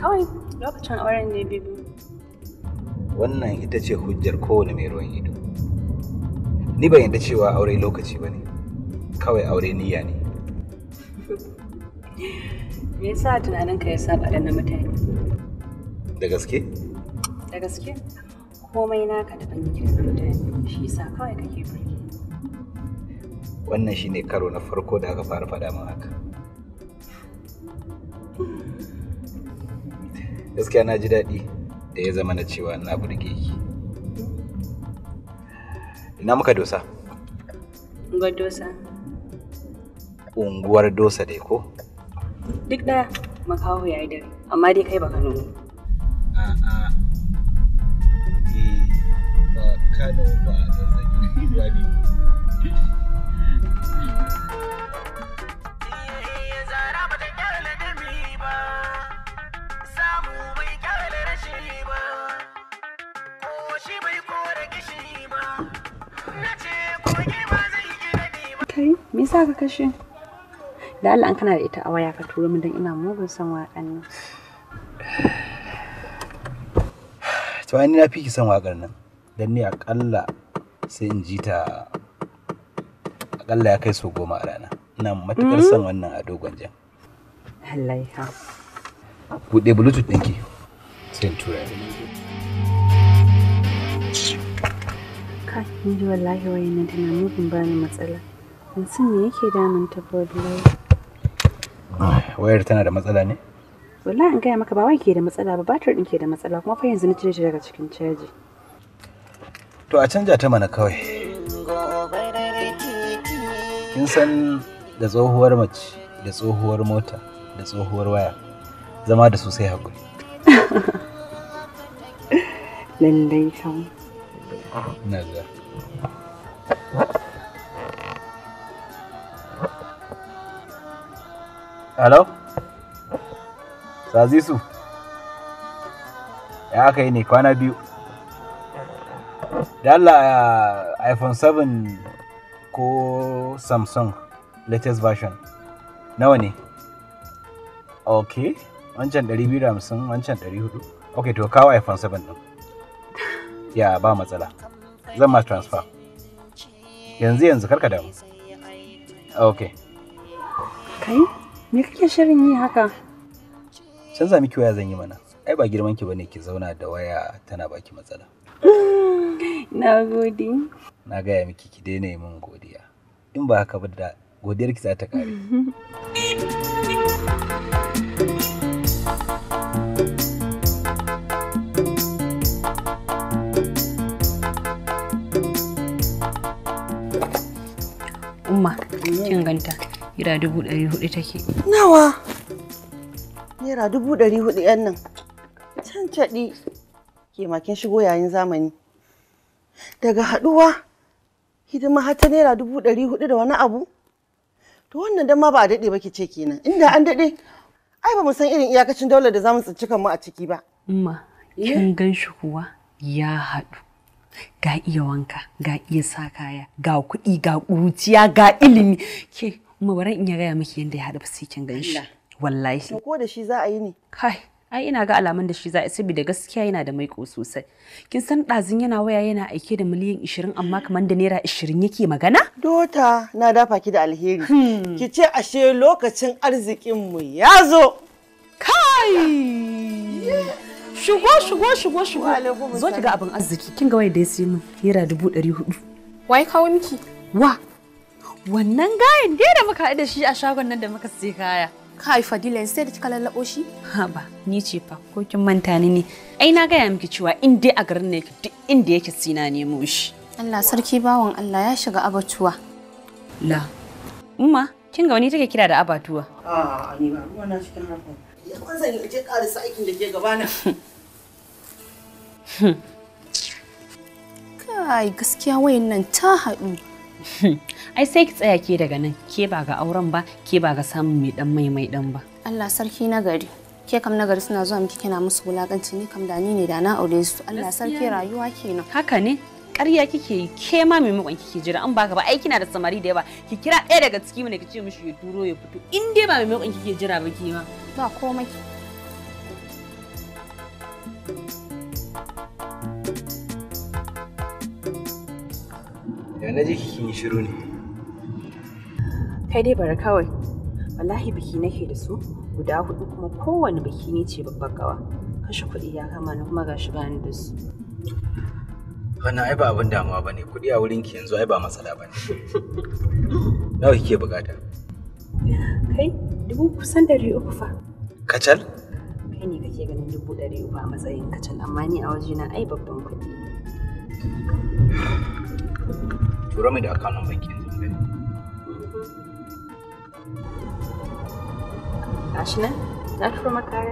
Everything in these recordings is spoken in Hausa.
Kawai lokacin auren ne bibi. Wannan ita ce hujjar kowane mai ruwan ido. Ni ban yadda cewa aure lokaci ba ne, kawai aure niyya ne. Me yasa tunaninka ya saba da na mutane? Da gaske? Da gaske. Komai naka da ban yake da mutane, shi yasa kawai kake burge. Wannan shine karo na farko da aka fara faɗa min haka. gaskiya na ji daɗi da ya zama na cewa na burge ki ina muka dosa unguwar dosa unguwar dosa dai ko duk ɗaya makaho ya yi dare amma dai kai baka nuna a'a eh, ba kano ba ba ne me yasa ka kashe da Allah an kana da ita a waya ka turo min don ina mugun son waƙan nan to ai na fi ki son waƙar nan dan ni akalla sai in ji ta akalla ya kai so goma a rana ina matukar son wannan a dogon jan Allah ya buɗe bluetooth ɗinki sai in tura kai ni wallahi wayan nan tana mugun bani matsala yanzu me yake damun ta Wayar tana da matsala ne? Wala in gaya maka ba wai ke da matsala ba batir din ke da matsala kuma fa yanzu na cire shi daga cikin caji. To a canja ta mana kawai. Kin san da tsohuwar mace da tsohuwar mota da tsohuwar waya zama da su sai hakuri. Lallai kan. Na Hello? Sazisu? Ya aka yi ne kwana biyu. Da uh, iPhone 7 ko Samsung latest version nawa ne? Ok, wancan 250 wancan 400. Ok, to kawo iPhone 7 ɗin. Ya ba matsala. Zan ma transfer. Yanzu yanzu karka damu. Ok. Kai? Okay. Me kake shirin yi haka? Canza miki waya zan yi mana. Ai ba girman ki bane ki zauna da waya tana baki matsala. Na gode. Na gaya miki ki daina yi min godiya. In ba haka ba da godiyar ki za ta kare. Umma, kin ganta. naira dubu ɗari hudu take nawa naira dubu ɗari hudu yan nan can caɗi ke makin shigo yayin zamani daga haɗuwa hidima har ta naira dubu ɗari hudu da wani abu to wannan dan ba a daɗe ba ke ce kenan inda an daɗe ai ba mu san irin iyakacin daular da za mu tsinci kanmu a ciki ba umma eh? kin gan shi kuwa ya haɗu ga iya wanka ga iya sa kaya ga kuɗi ga ƙuruciya ga ilimi kuma bari in ya gaya miki yadda ya haɗu sai ganshi wallahi to ko da shi za a yi ne kai ai ina ga alamun da shi za a yi saboda gaskiya yana da maiko sosai kin san ɗazin yana waya yana aike da miliyan 20 amma kamar da naira 20 yake magana dota na dafa ki da alheri hmm. ki ce ashe lokacin arzikin mu ya zo kai shugo shugo shugo shugo Zo ki ga abin arziki. Kin ga wai da ya siyo min naira dubu Wai kawo miki? Wa, Wannan gayan dai da muka haɗu da shi a shagon nan da muka sai kaya. Kai Fadila sai da kika lallaɓo shi? Ha ba, ni ce fa ko kin manta ni ne. Ai na gaya miki cewa in dai a garin ne duk inda yake na nemo shi. Allah sarki bawan Allah ya shiga abatuwa. La. Umma, kin ga wani take kira da abatuwa? A ah, ni ba ruwa na cikin harkar. Ya kwanza ni je karasa aikin da ke gabana. Kai gaskiya wayannan ta haɗu. Ai sai ki tsaya ke daga nan, ke ba ga auren ba, ke ba ga samun mai dan mai mai dan ba. Allah sarki na gari. Ke kam na gari suna zuwa miki kina musu wulakanci ne kam da ni ne da na aure su. Allah sarki rayuwa kenan. Haka ne. Ƙarya kike yi ke ma maimakon kike jira an baka ba ai kina da samari da yawa ki kira ɗaya daga ciki mu ne ki ce mishi ya turo ya fito in dai ba maimakon kike jira ba ke ma. Ba komai. da na ji kikin yi shiru ne kai dai bari kawai wallahi biki nake da su guda hudu kuma kowane biki ne ce babbar gawa kashe kuɗi ya kama ni kuma gashi bani da su wannan ai ba abin damuwa ba ne kuɗi a wurin ki yanzu ai ba matsala ba ne nawa kike bukata kai dubu kusan dari uku fa kacal kai ne kake ganin dubu dari uku a matsayin kacal amma ni a wajena ai babban kuɗi tura mai da account number ki gashi nan na tura maka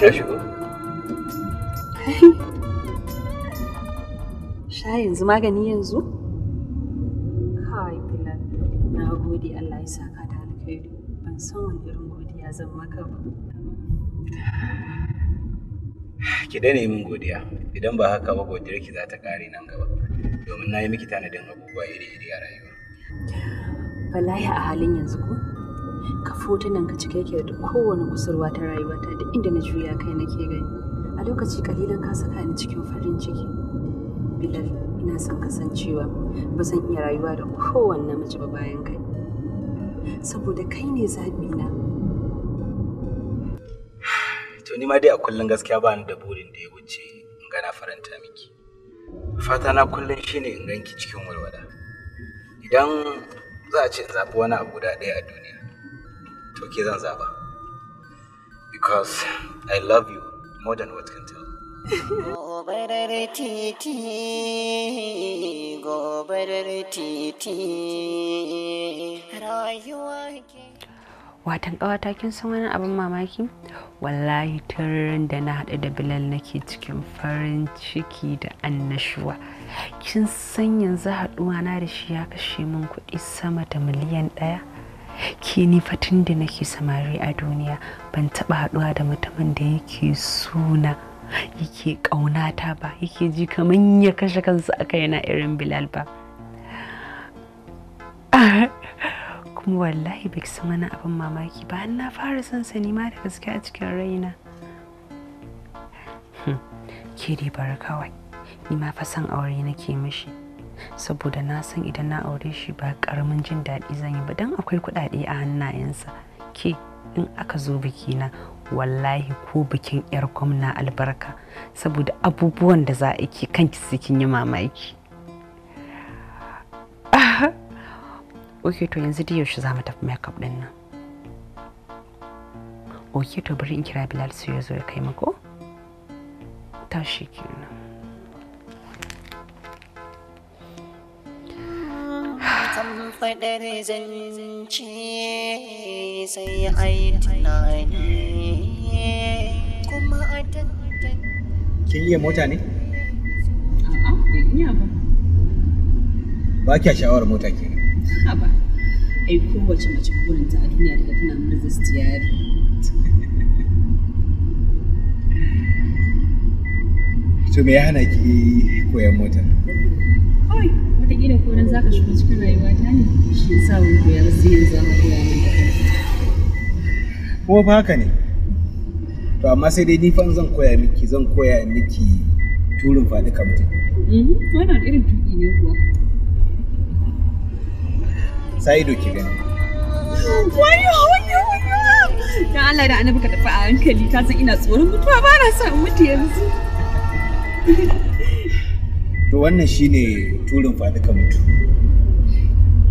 Ya shigo. Sha yanzu magani yanzu? ki dane min godiya idan ba haka ba godiyar ki za ta kare nan gaba domin na yi miki tanadin abubuwa iri-iri a rayuwa wallahi a halin yanzu ko ka foto nan ka cike yake da kowane kusurwa ta rayuwata da inda na juya kai nake gani a lokaci kalilan ka saka ni cikin farin ciki bilal ina son kasancewa ba zan iya rayuwa da kowanne namiji ba bayan kai saboda kai ne zaɓi na To ni ma dai a kullum gaskiya ba ni da burin da ya wuce in gana faranta miki. Fata na kullum shine in ganki cikin walwala. Idan za a ce in zaɓi wani abu guda ɗaya a duniya, to ke zan zaɓa. Because I love you more than what can tell. Gobarar titi, gobarar titi, rayuwa ke. watan ƙawata kin san wani abin mamaki wallahi tun da na haɗu da bilal nake cikin farin ciki da annashuwa kin san yanzu haɗuwa na da shi ya kashe min kuɗi sama da miliyan ɗaya ke ni fatin da nake samari a duniya ban taɓa haɗuwa da mutumin da yake suna yake ƙaunata ba yake ji kamar ya kashe kansa aka yana irin bilal ba wallahi bai san mana abin mamaki ba na fara son sani ma da gaske a cikin raina hmm. ke dai bara kawai ni ma fa son aure nake mishi saboda na san idan na aure shi ba karamin jin daɗi zan yi ba don akwai kuɗaɗe a hannayensa ke in aka zo bikina wallahi ko bikin 'yar gwamna albarka saboda abubuwan da za a yi kanki su kin yi mamaki ok to yanzu da yaushe za mu tafi makeup din nan ok to bari in kira bilal su ya zo ya kai mako tashi kenan yi kin iya mota ne? a'a ban iya ba ba kya sha'awar mota kenan haba yi kowace mace burinta a duniya daga tana murza stiyari to me ya hana ki koyan mota kawai wataƙila ko nan zaka shiga cikin rayuwa ta ne shi yasa wani koya ba sai yanzu zaka koya min da kuma ba haka ne to amma sai dai ni zan koya miki zan koya miki turin faɗi kamar mhm, wannan irin tuƙi ne kuwa sa ido ki gani wayo wayo wayo dan Allah da annabi ka tafi a hankali ka san ina tsoron mutuwa ba na son mutu yanzu to wannan shine turin faɗi ka mutu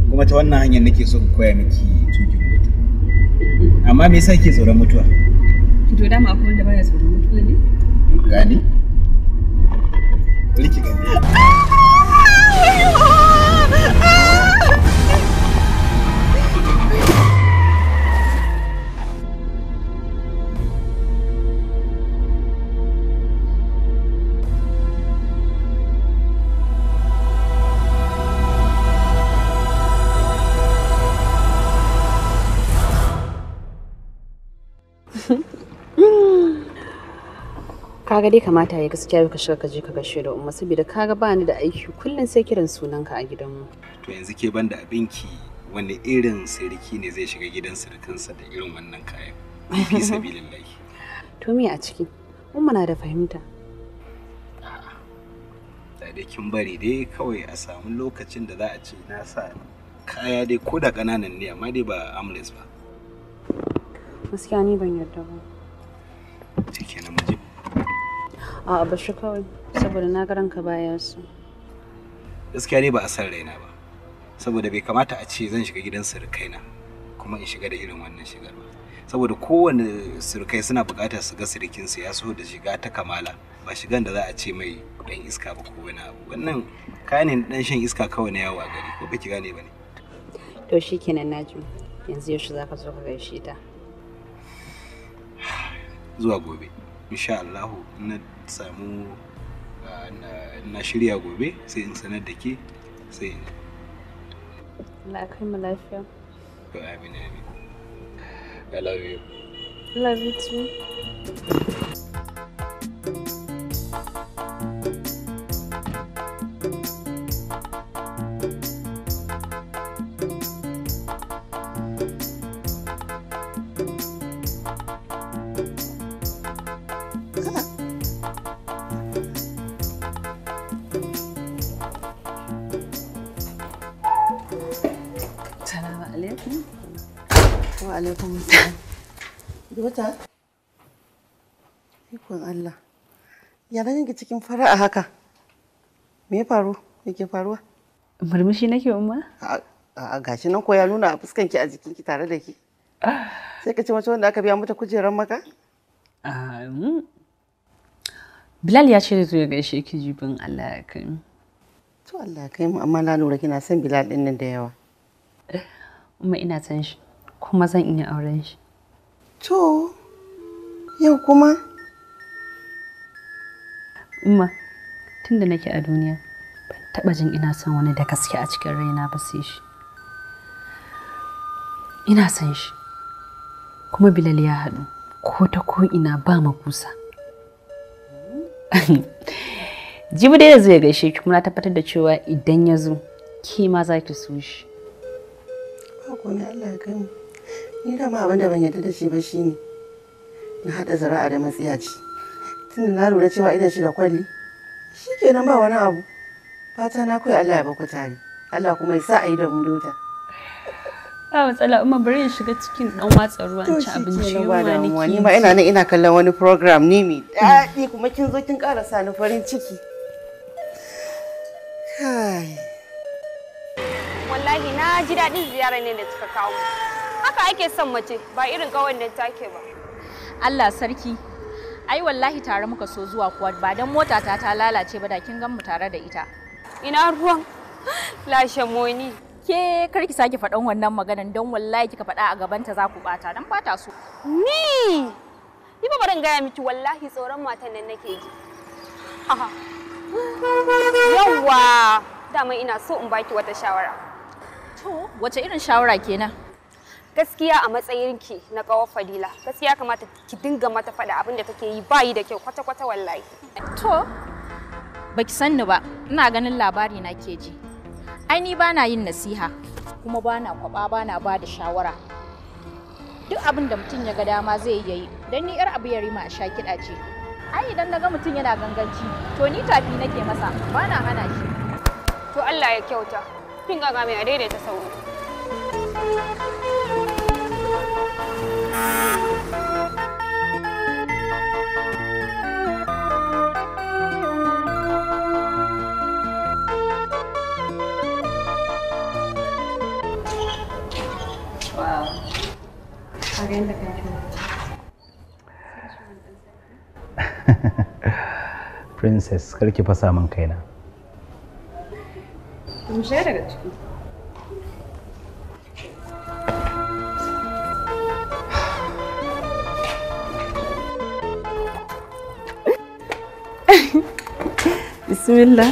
kuma ta wannan hanyar nake so ka koya miki tukin mutu. amma me yasa ke tsoron mutuwa to dama akwai wanda baya tsoron mutuwa ne gani kaga dai kamata ya gaskiya ka shiga ka je ka gaishe da umma saboda kaga bani da aiki kullun sai kiran sunan ka a gidanmu to yanzu ke banda da abinki wani irin siriki ne zai shiga gidan sirikansa da irin wannan kayan fi sabilillahi to me a ciki umma na da fahimta da dai kin bari dai kawai a samu lokacin da za a ce na sa kaya dai ko da kananan ne amma dai ba amles ba gaskiya ni ban yarda ba A'a ba kawai saboda na ga ranka su. Gaskiya ne ba a san raina ba. Saboda bai kamata a ce zan shiga gidan surukaina kuma in shiga da irin wannan shigar ba. Saboda kowane surukai suna buƙatar su ga surukinsu ya so da shiga ta kamala ba shigan da za a ce mai dan iska ba ko wani abu. Wannan kayan dan shan iska kawai na yawo a gari ko baki gane ba ne. To kenan Najim yanzu yaushe za ka zo ka gaishe ta. Zuwa gobe. insha Allah na samu ah, na shirya gobe sai in sanar da ke sai Allah kai mu lafiya to amin amin I love you love you too alaikum Dota. Ikon Allah. Ya ganin ki cikin fara'a haka. Me ya faru? Me ke faruwa? Murmushi nake umma? A'a gashi nan ko ya nuna a fuskanki a jikinki tare da ki. Sai ka ce wace wanda aka biya mata kujerar maka? Ah, mm. Bilal ya ce da zo ya gaishe ki jibin Allah ya kai To Allah ya kai mu amma na lura kina son Bilal din nan da yawa. Eh, umma ina san shi. kuma zan iya auren shi. To, yau kuma? Umma, tunda nake a duniya, ban taɓa jin ina son wani da gaske a cikin raina ba sai shi. Ina son shi, kuma Bilal ya haɗu, ko ta ko ina ba makusa. Jibi dai zai gaishe ki kuma na tabbatar da cewa idan ya zo, ke ma za so shi. Hakuri Allah ya ni da ma abin da ban yarda da shi ba shine na hada zara'a da ce tunda na lura cewa idan shi da kwalli shi kenan ba wani abu fata na koyi Allah ya baku tare Allah kuma ya sa a yi da mu dota ba matsala umma bari in shiga cikin dan watsa ruwan ci abinci yunwa nake ni ma ina nan ina kallon wani program ne mai dadi kuma kin zo kin ƙara sa ni farin ciki kai wallahi na ji daɗin ziyarar ne da suka kawo ake son mace ba irin kawan da take ba Allah sarki ai wallahi tare muka so zuwa kuwa ba dan mota ta ta lalace ba da kin gan mu tare da ita ina ruwan lashe moni ke kar ki sake faɗan wannan maganan don wallahi kika faɗa a gabanta za ku bata dan bata so ni ni ba barin gaya miki wallahi tsoron matan nan nake ji yawwa dama ina so in baki wata shawara to wace irin shawara kenan gaskiya a matsayin ki na kawar fadila gaskiya kamata ki dinga mata faɗa abinda da kake yi bayi da kyau kwata-kwata wallahi to baki sanni ba ina ganin labari na ke ji ai ni bana yin nasiha kuma bana kwaba bana ba da shawara duk abin da mutum ya ga dama zai yi dan ni yar abu ya rima a sha kiɗa ce ai idan na ga mutum yana ganganci to ni tafi nake masa bana hana shi to Allah ya kyauta kin ga mai a daidaita sauro Princess, ki fasa min kaina. Mushe daga ciki. bismillah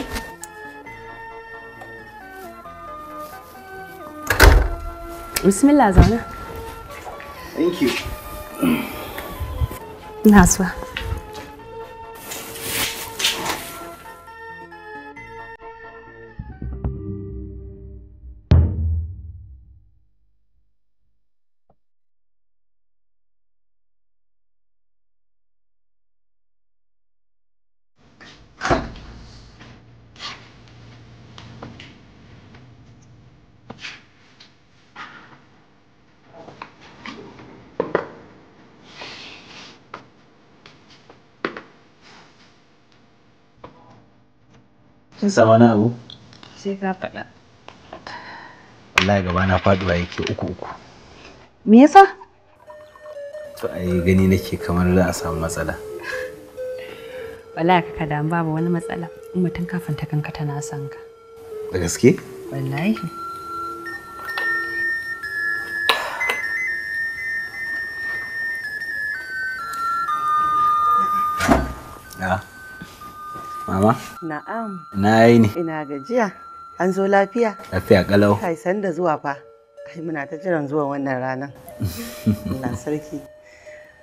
bismillah zauna na kin sa wani abu sai ka faɗa wallahi gaba na faduwa yake uku uku me yasa to ai gani nake kamar za a samu matsala wallahi ka damu babu wani matsala in mutum kafin ta kanka tana son ka da gaske wallahi Yeah. Mama? Na'am. Na yi ne. Ina gajiya. An zo lafiya? Lafiya kalau. Kai san da zuwa fa. Ai muna ta jiran zuwa wannan ranar. Allah sarki.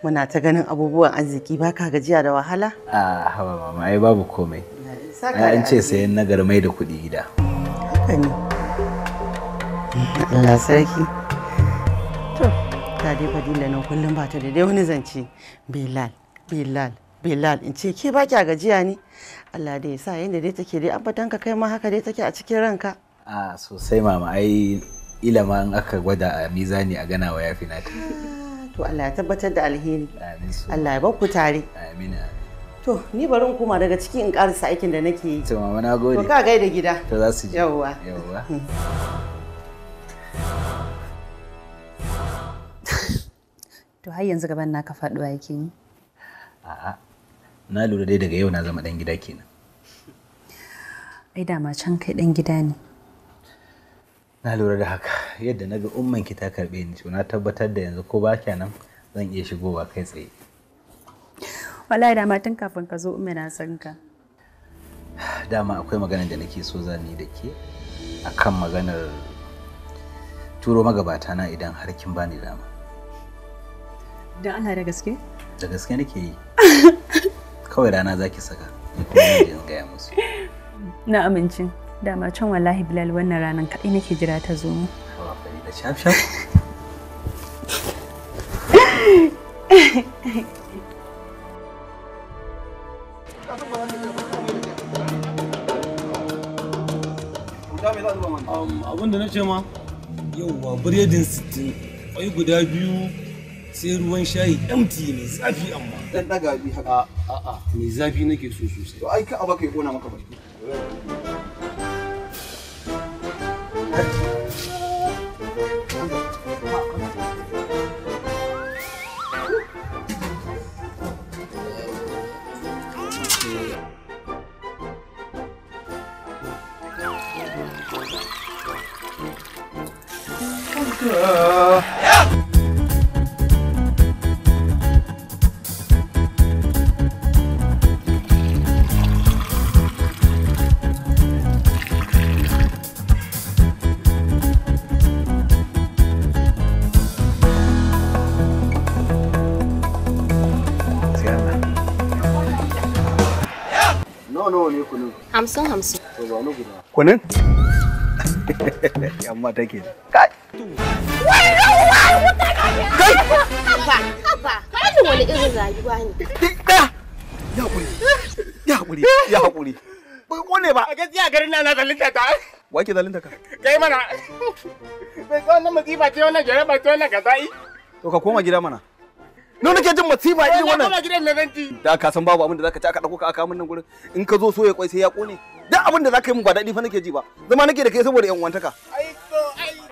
Muna ta ganin abubuwan arziki ba ka gajiya da wahala? A ah, haba mama ai babu komai. Ai an ce sayan nagar mai da kuɗi gida. Haka ne. Allah sarki. To, ta dai fadila nan kullum ba ta da dai wani zance. Bilal, Bilal. bilal in ce ke ba kya gajiya ne allah da ya sa yadda dai take dai abadan ka kai ma haka dai take a cikin ranka a sosai mama ai ilama in aka gwada a mizani a gana wa yafi nata to allah ya tabbatar da alheri allah ya ku tare amina To, ni bari in koma daga ciki in karasa aikin da nake yi. To, mama na gode. To, ka gaida gida. To, za su ji. Yawwa. Yawwa. Hmm. To, har yanzu gaban naka faduwa yake yi? A'a. na lura dai daga yau na zama dan gida kenan ai dama can kai dan gida ne na lura da haka yadda na ga umman ki ta karbe ni to na tabbatar da yanzu ko ba nan zan iya shigowa kai tsaye wallahi dama tun kafin ka zo umma na san ka dama akwai maganar da nake so zan yi da ke akan maganar turo magabata na idan har kin bani dama da Allah da gaske da gaske nake yi kawai rana za ki saka gaya musu na amincin dama can wallahi bilal wannan ranar kaɗai nake jira ta zo mu abin da na ce ma yauwa biredin sittin kwai guda biyu sai ruwan shayi empty ne zafi amma dan daga bi haka a a me zafi nake so sosai to ai ka aba kai kona maka baki Oh, hamsin hamsin. Kunin? wuta mata ke. Kai! Kai! Haba, haba, kai wani irin rayuwa ne. Ya haƙuri, ya haƙuri, ya haƙuri. Ba kone ba. A gaskiya garin na na zalunta ta. Wa ke zalunta ka? Kai mana. Bai tsawon na masifa ce wannan jaraba ce wannan gaza'i. To ka koma gida mana. Nuna nake jin masifa irin wannan. Wannan gidan na zanti. Da ka san babu abin da zaka ci aka dauko ka aka min nan gurin. In ka zo so ya kwai sai ya kone. Duk abin da zaka yi min ba daɗi fa nake ji ba. Zama nake da kai saboda yan uwantaka.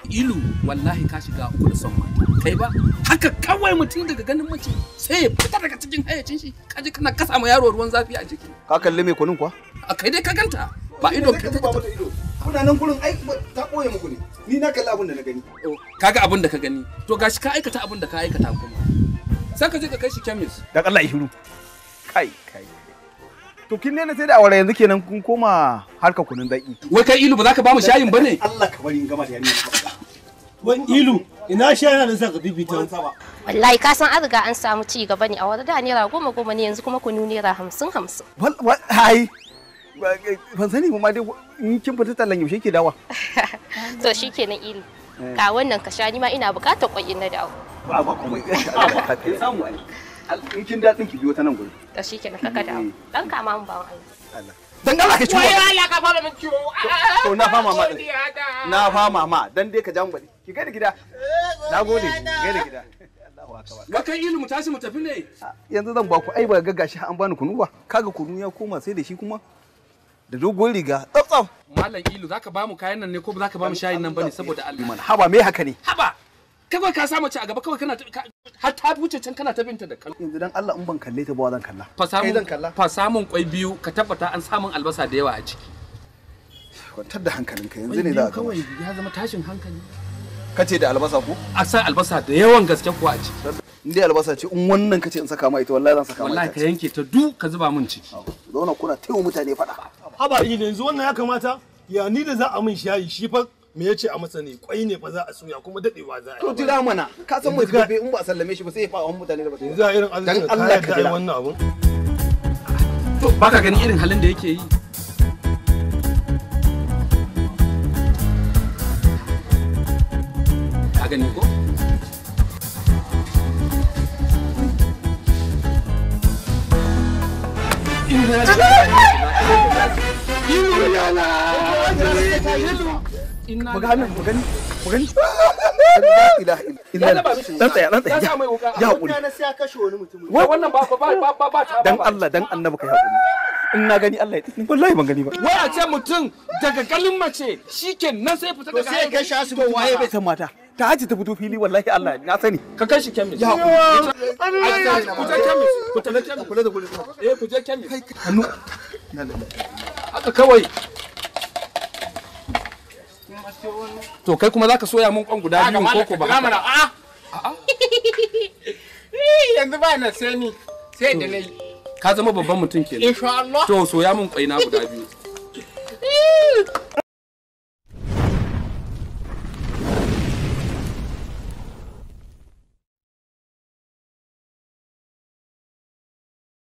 Ilu wallahi ka shiga uku da son mata. Kai ba haka kawai mutum daga ganin mace sai ya fita daga cikin hayacin shi kaji kana kasa ma yaro ruwan zafi a jiki. Ka kalle mai kunun kuwa? A kai dai ka ganta. Ba ido ka ta ta kuna nan gurin ai ta koye muku ne ni na kalli abin da na gani oh, kaga abin da ka gani to gashi ka aikata abin da ka aikata kuma San ka je ka kai shi kemis da Allah ya kai kai to kin daina sai da awara yanzu kenan kun koma harkar kunun zaki wai kai ilu ba za ka ba mu shayin bane Allah ka bari in gama da yanni wai ilu ina shayin nan saka bibita wallahi ka san an an samu ci gaba ne a wani da naira goma goma ne yanzu kuma ku nuni naira hamsin hamsin wallahi ban sani ma dai in kin fita tallan yaushe ke dawa to shikenan ilu ka wannan ka sha ni ma ina bukatar kwai na dawo ba ba kuma ya sha Allah ka kai samu ai in kin dadin ki biyo ta nan gurin to shikenan kaka da mm. dan kama mun bawan Allah dan Allah ka ciwo wai Allah ka fara min ciwo to na fama ma na fama ma dan dai ka ja mu bari ki ga gida na gode ga da gida Wakan ilmu tashi mu tafi ne? Yanzu zan ba ku ai ba gaggashi an bani kunu ba. Kaga kunu ya koma sai da shi kuma da dogon riga tsaf Malam Ilu zaka bamu kayan nan ne ko ba zaka bamu shayin nan bane saboda Allah. Haba me haka ne? Haba kawai ka samu ci a gaba kawai kana har ta wuce can kana ta da kallo yanzu dan Allah in ban kalle ta ba zan kalla fa samu zan kalla fa samun kwai biyu ka tabbata an samun albasa da yawa a ciki kwantar da hankalinka yanzu ne za ka kawai ya zama tashin hankali kace da albasa ko a sa albasa da yawan gaske ko a ciki in dai albasa ce in wannan kace in saka ma ita wallahi zan saka ma wallahi ka yanke ta du ka zuba min ciki zauna kuna taiwa mutane fada haba yanzu wannan ya kamata ya ni da za a min shayi shi fa me yace a masani ne kwai ne fa za a soya kuma dadewa za a to jira mana ka san mai gobe in ba sallame shi ba sai ya fa mutane da ba yanzu a irin azumi Allah ka jira wannan abun to baka ganin irin halin da yake yi ka gani ko inna mu gani gani ya dan Allah dan gani ya tsini wallahi ban gani ba waya ce mutum daga galin mace shike nan sai fita daga sai kai shasu ba waye bai san mata ta haji ta fito fili wallahi Allah na sani ka kai shi kemis ya ku je kemis ku tafi kemis kula da kula eh ku je kemis haka kawai to kai kuma zaka soya mun kwan guda biyu ko ko ba ah. a'a yanzu ba na sai ni sai da nayi ka zama babban mutum kenan insha Allah to soya mun kwaina na guda biyu